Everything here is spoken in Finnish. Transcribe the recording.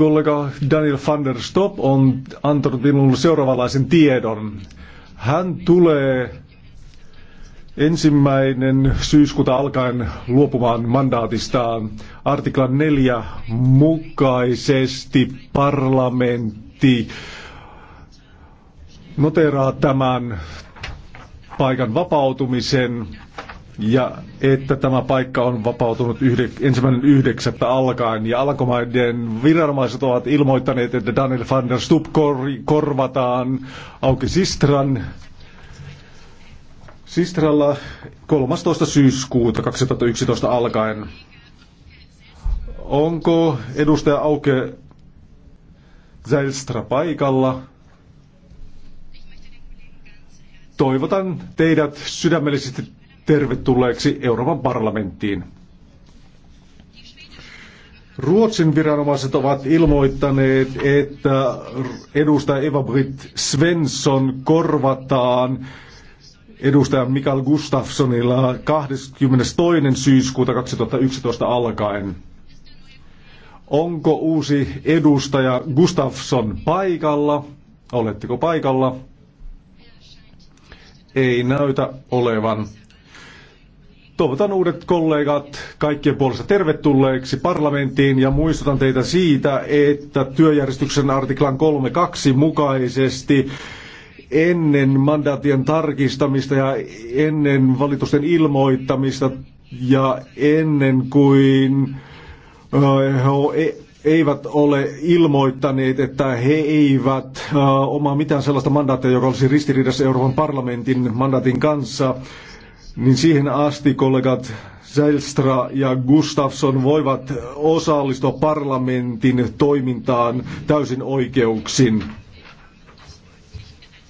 Kollega Daniel van der Stop on antanut minulle seuraavanlaisen tiedon. Hän tulee ensimmäinen syyskuuta alkaen luopumaan mandaatistaan artiklan 4 mukaisesti parlamentti noteraa tämän paikan vapautumisen ja että tämä paikka on vapautunut yhde, ensimmäinen yhdeksättä alkaen. Ja alkomaiden viranomaiset ovat ilmoittaneet, että Daniel van der Stubb kor- korvataan Auki Sistran Sistralla 13. syyskuuta 2011 alkaen. Onko edustaja Auke Zelstra paikalla? Toivotan teidät sydämellisesti tervetulleeksi Euroopan parlamenttiin. Ruotsin viranomaiset ovat ilmoittaneet, että edustaja Eva-Britt Svensson korvataan edustaja Mikael Gustafssonilla 22. syyskuuta 2011 alkaen. Onko uusi edustaja Gustafsson paikalla? Oletteko paikalla? Ei näytä olevan. Toivotan uudet kollegat kaikkien puolesta tervetulleeksi parlamenttiin ja muistutan teitä siitä, että työjärjestyksen artiklan 3.2 mukaisesti ennen mandaatien tarkistamista ja ennen valitusten ilmoittamista ja ennen kuin he eh, eivät ole ilmoittaneet, että he eivät eh, omaa mitään sellaista mandaattia, joka olisi ristiriidassa Euroopan parlamentin mandaatin kanssa, niin siihen asti kollegat Zelstra ja Gustafsson voivat osallistua parlamentin toimintaan täysin oikeuksin.